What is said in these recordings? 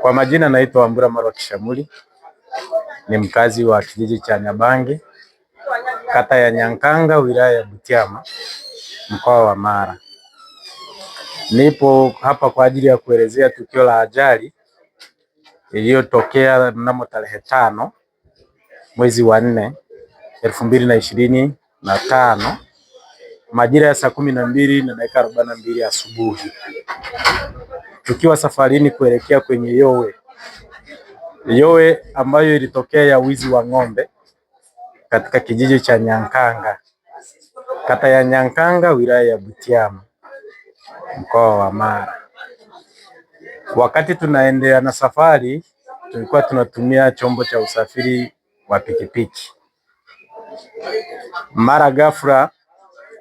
Kwa majina naitwa Wambura Marwa Kishamuli, ni mkazi wa kijiji cha Nyabange, kata ya Nyankanga, wilaya ya Butiama, mkoa wa Mara. Nipo hapa kwa ajili ya kuelezea tukio la ajali iliyotokea mnamo tarehe tano mwezi wa nne elfu mbili na ishirini na tano majira ya saa kumi na mbili na dakika arobaini na mbili asubuhi tukiwa safarini kuelekea kwenye yowe yowe ambayo ilitokea ya wizi wa ng'ombe katika kijiji cha Nyankanga, kata ya Nyankanga, wilaya ya Butiama, mkoa wa Mara. Wakati tunaendelea na safari, tulikuwa tunatumia chombo cha usafiri wa pikipiki. Mara ghafla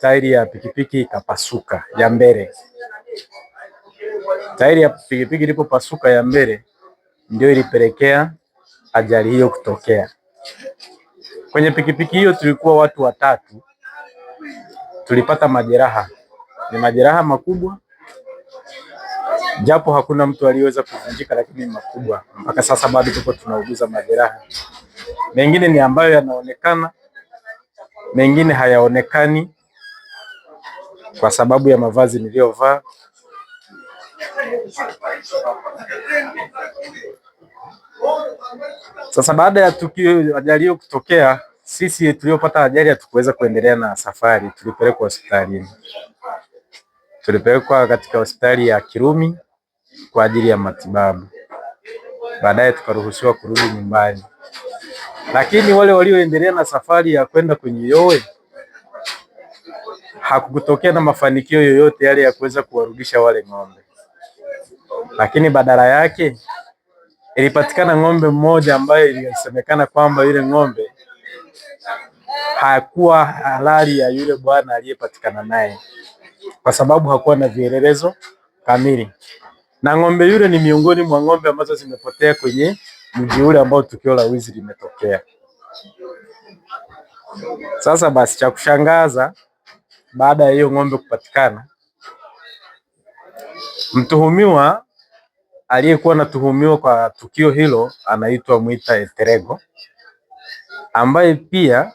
tairi ya pikipiki ikapasuka ya mbele, tairi ya pikipiki ilipopasuka ya mbele ndio ilipelekea ajali hiyo kutokea. Kwenye pikipiki hiyo tulikuwa watu watatu, tulipata majeraha, ni majeraha makubwa, japo hakuna mtu aliyeweza kuvunjika, lakini makubwa. Mpaka sasa bado tuko tunauguza majeraha, mengine ni ambayo yanaonekana, mengine hayaonekani kwa sababu ya mavazi niliyovaa. Sasa baada ya tukio ajali hiyo kutokea, sisi tuliopata ajali hatukuweza kuendelea na safari, tulipelekwa hospitalini. Tulipelekwa katika hospitali ya Kirumi kwa ajili ya matibabu, baadaye tukaruhusiwa kurudi nyumbani. Lakini wale walioendelea na safari ya kwenda kwenye yowe hakukutokea na mafanikio yoyote yale ya kuweza kuwarudisha wale ng'ombe lakini badala yake ilipatikana ng'ombe mmoja ambaye ilisemekana kwamba yule ng'ombe hakuwa halali ya yule bwana aliyepatikana naye, kwa sababu hakuwa na vielelezo kamili, na ng'ombe yule ni miongoni mwa ng'ombe ambazo zimepotea kwenye mji ule ambao tukio la wizi limetokea. Sasa basi, cha kushangaza, baada ya hiyo ng'ombe kupatikana, mtuhumiwa aliyekuwa anatuhumiwa kwa tukio hilo anaitwa Mwita Eterego ambaye pia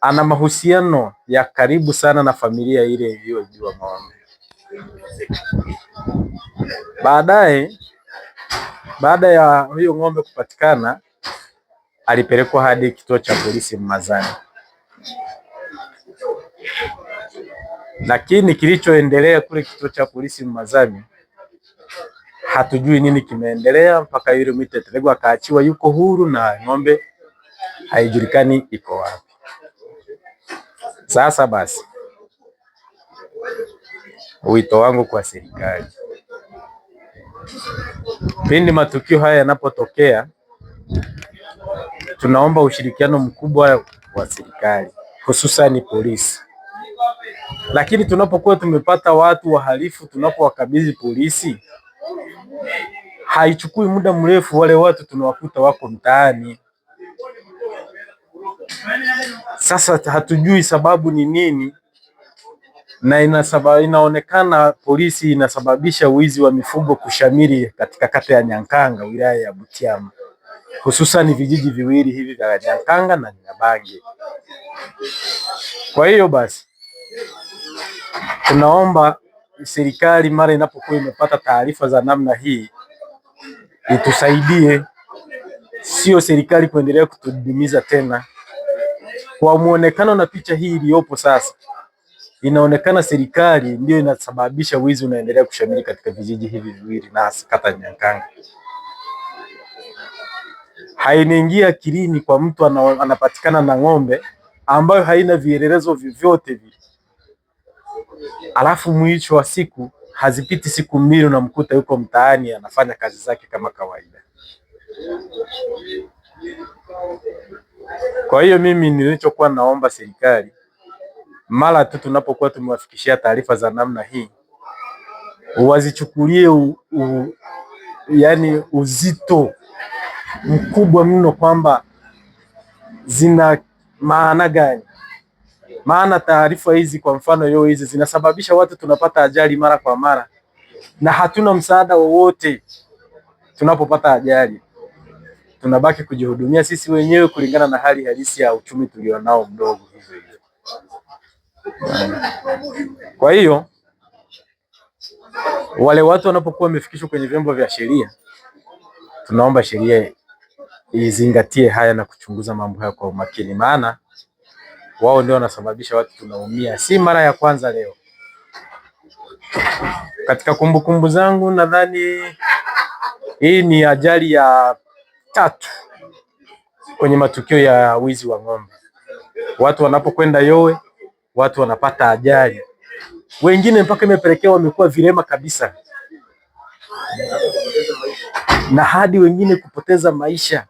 ana mahusiano ya karibu sana na familia ile iliyojua maombi. Baadaye, baada ya huyo ng'ombe kupatikana, alipelekwa hadi kituo cha polisi Mmazani, lakini kilichoendelea kule kituo cha polisi Mmazani hatujui nini kimeendelea mpaka yule Mwitetego akaachiwa yuko huru na ng'ombe haijulikani iko wapi. Sasa basi, wito wangu kwa serikali, pindi matukio haya yanapotokea, tunaomba ushirikiano mkubwa wa serikali, hususani polisi. Lakini tunapokuwa tumepata watu wahalifu, tunapowakabidhi polisi haichukui muda mrefu, wale watu tunawakuta wako mtaani. Sasa hatujui sababu ni nini, na inasaba, inaonekana polisi inasababisha wizi wa mifugo kushamiri katika kata ya Nyankanga wilaya ya Butiama, hususan vijiji viwili hivi vya Nyankanga na Nyabange. Kwa hiyo basi tunaomba serikali mara inapokuwa imepata taarifa za namna hii itusaidie, sio serikali kuendelea kutudumiza tena. Kwa muonekano na picha hii iliyopo sasa, inaonekana serikali ndio inasababisha wizi unaendelea kushamiri katika vijiji hivi viwili na kata Nyankanga. Hainiingia akilini kwa mtu anapatikana na ng'ombe ambayo haina vielelezo vyovyote vile alafu mwisho wa siku hazipiti siku mbili unamkuta yuko mtaani anafanya kazi zake kama kawaida. Kwa hiyo mimi nilichokuwa naomba serikali, mara tu tunapokuwa tumewafikishia taarifa za namna hii, wazichukulie u, u, yani uzito mkubwa mno, kwamba zina maana gani maana taarifa hizi kwa mfano yoo hizi zinasababisha watu tunapata ajali mara kwa mara, na hatuna msaada wowote. Tunapopata ajali, tunabaki kujihudumia sisi wenyewe kulingana na hali halisi ya uchumi tulionao mdogo hivyo hivyo. Kwa hiyo wale watu wanapokuwa wamefikishwa kwenye vyombo vya sheria, tunaomba sheria izingatie haya na kuchunguza mambo haya kwa umakini maana wao ndio wanasababisha watu tunaumia, si mara ya kwanza leo. Katika kumbukumbu kumbu zangu nadhani hii ni ajali ya tatu kwenye matukio ya wizi wa ng'ombe. Watu wanapokwenda yowe, watu wanapata ajali, wengine mpaka imepelekea wamekuwa vilema kabisa, na hadi wengine kupoteza maisha.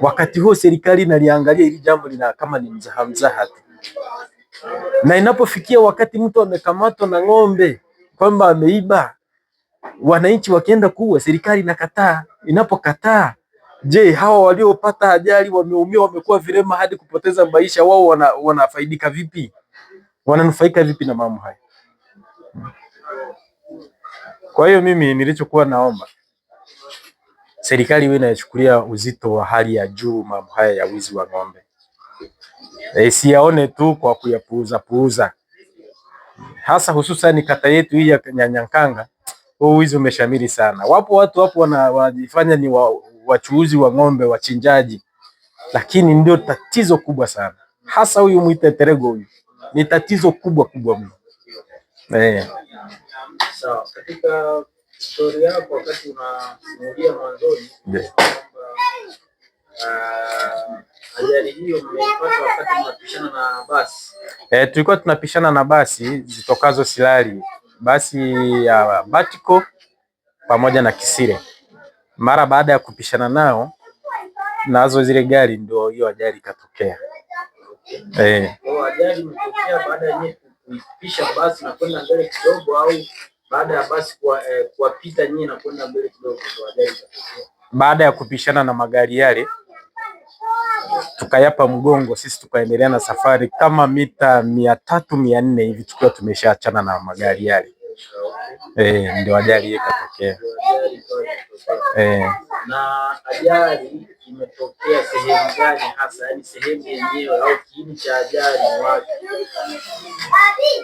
Wakati huo serikali inaliangalia hili jambo lina kama ni mzaha mzaha tu, na inapofikia wakati mtu amekamatwa na ng'ombe kwamba ameiba, wananchi wakienda kuwa serikali inakataa. Inapokataa, je, hawa waliopata ajali wameumia, wamekuwa virema hadi kupoteza maisha, wao wana, wanafaidika vipi? Wananufaika vipi na mambo haya? Hmm. Kwa hiyo mimi nilichokuwa naomba serikali iwe inachukulia uzito wa hali ya juu mambo haya ya wizi wa ng'ombe, e, siyaone tu kwa kuyapuuza puuza, hasa hususan kata yetu hii ya Nyanyankanga. Huu wizi umeshamiri sana. Wapo watu wapo wanajifanya ni wa, wachuuzi wa ng'ombe wachinjaji, lakini ndio tatizo kubwa sana, hasa huyu mwite terego, huyu ni tatizo kubwa kubwa mno eh. Stori yako wakati unasimulia mwanzoni ah, ajali hiyo mmeipata wakati mnapishana na basi? Eh, tulikuwa tunapishana na basi zitokazo Silali, basi ya Batiko pamoja na Kisire. Mara baada ya kupishana nao nazo zile gari, ndio hiyo ajali ikatokea. Eh, ajali imetokea baada ya kupisha basi na kwenda mbele kidogo au baada ya basi eh, kuwapita nyinyi na kwenda mbele kidogo, baada ya kupishana na magari yale tukayapa mgongo sisi, tukaendelea na safari kama mita mia tatu mia nne hivi tukiwa tumeshaachana na magari yale. E, ndio ajali ikatokea. E, na ajali umetokea sehemu gani hasa, yani sehemu yenyewe au kiini cha ajali wapi?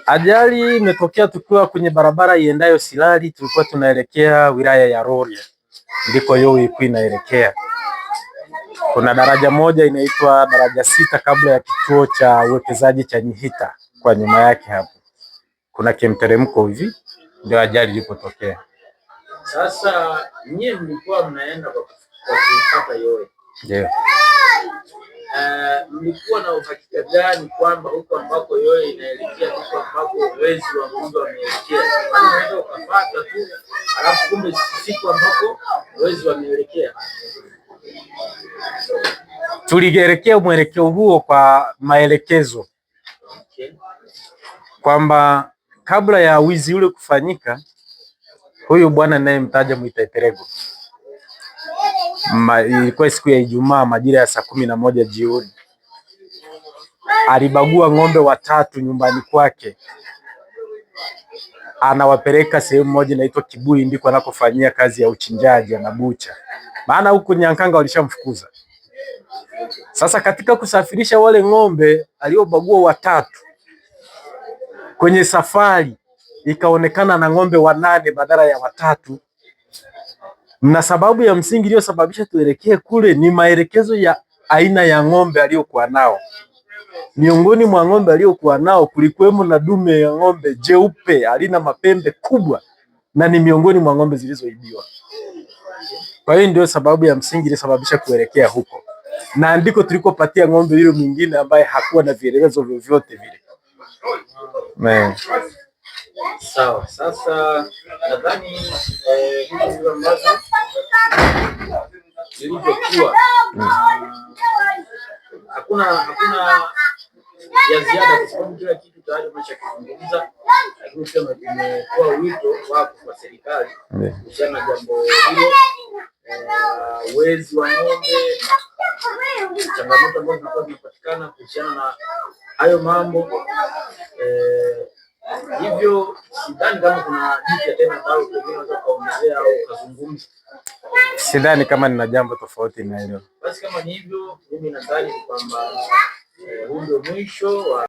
Ajali imetokea tukiwa kwenye barabara iendayo Silali, tulikuwa tunaelekea wilaya ya Rorya, ndiko yoo ilikuwa inaelekea. Kuna daraja moja inaitwa daraja sita kabla ya kituo cha uwekezaji cha Nyihita, kwa nyuma yake hapo kuna kimteremko hivi, ndio ajali ilipotokea. Sasa nyie mlikuwa mnaenda kwa kufuata yoo ndio. Eh, mlikuwa na uhakika gani kwamba huko ambako yoye inaelekea huko ambako uwezi wa Mungu umeelekea? Unaweza ukapata tu alafu kumbe siku ambako uwezi wameelekea. tuligerekea mwelekeo huo kwa maelekezo okay, kwamba kabla ya wizi ule kufanyika, huyu bwana naye ninayemtaja Mwitaiterego ilikuwa siku ya Ijumaa majira ya saa kumi na moja jioni. Alibagua ng'ombe watatu nyumbani kwake, anawapeleka sehemu moja inaitwa Kibui, ndiko anakofanyia kazi ya uchinjaji, anabucha, maana huku Nyankanga walishamfukuza. Sasa katika kusafirisha wale ng'ombe aliobagua watatu kwenye safari ikaonekana na ng'ombe wanane badala ya watatu na sababu ya msingi iliyosababisha tuelekee kule ni maelekezo ya aina ya ng'ombe aliyokuwa nao. Miongoni mwa ng'ombe aliyokuwa nao kulikuwemo na dume ya ng'ombe jeupe alina mapembe kubwa, na ni miongoni mwa ng'ombe zilizoibiwa. Kwa hiyo ndio sababu ya msingi iliyosababisha kuelekea huko, na andiko tulikopatia ng'ombe yule mwingine ambaye hakuwa na vielelezo vyovyote vile. Sawa, sasa nadhani eh, ambazo zilivyokuwa, hakuna hakuna ya ziada kwa sababu kila kitu tayari umeshakizungumza, lakini sema imekuwa wito wako kwa serikali kuhusiana na jambo hilo, uwezi eh, wa ng'ombe, changamoto ambazo zinakuwa zinapatikana kuhusiana na hayo mambo eh, Hivyo sidhani kama kuna jipya tena ambalo pengine unaweza au kuzungumza. Sidhani kama nina jambo tofauti na hilo. Basi kama ni hivyo, mimi nadhani kwamba eh, huu ndio mwisho wa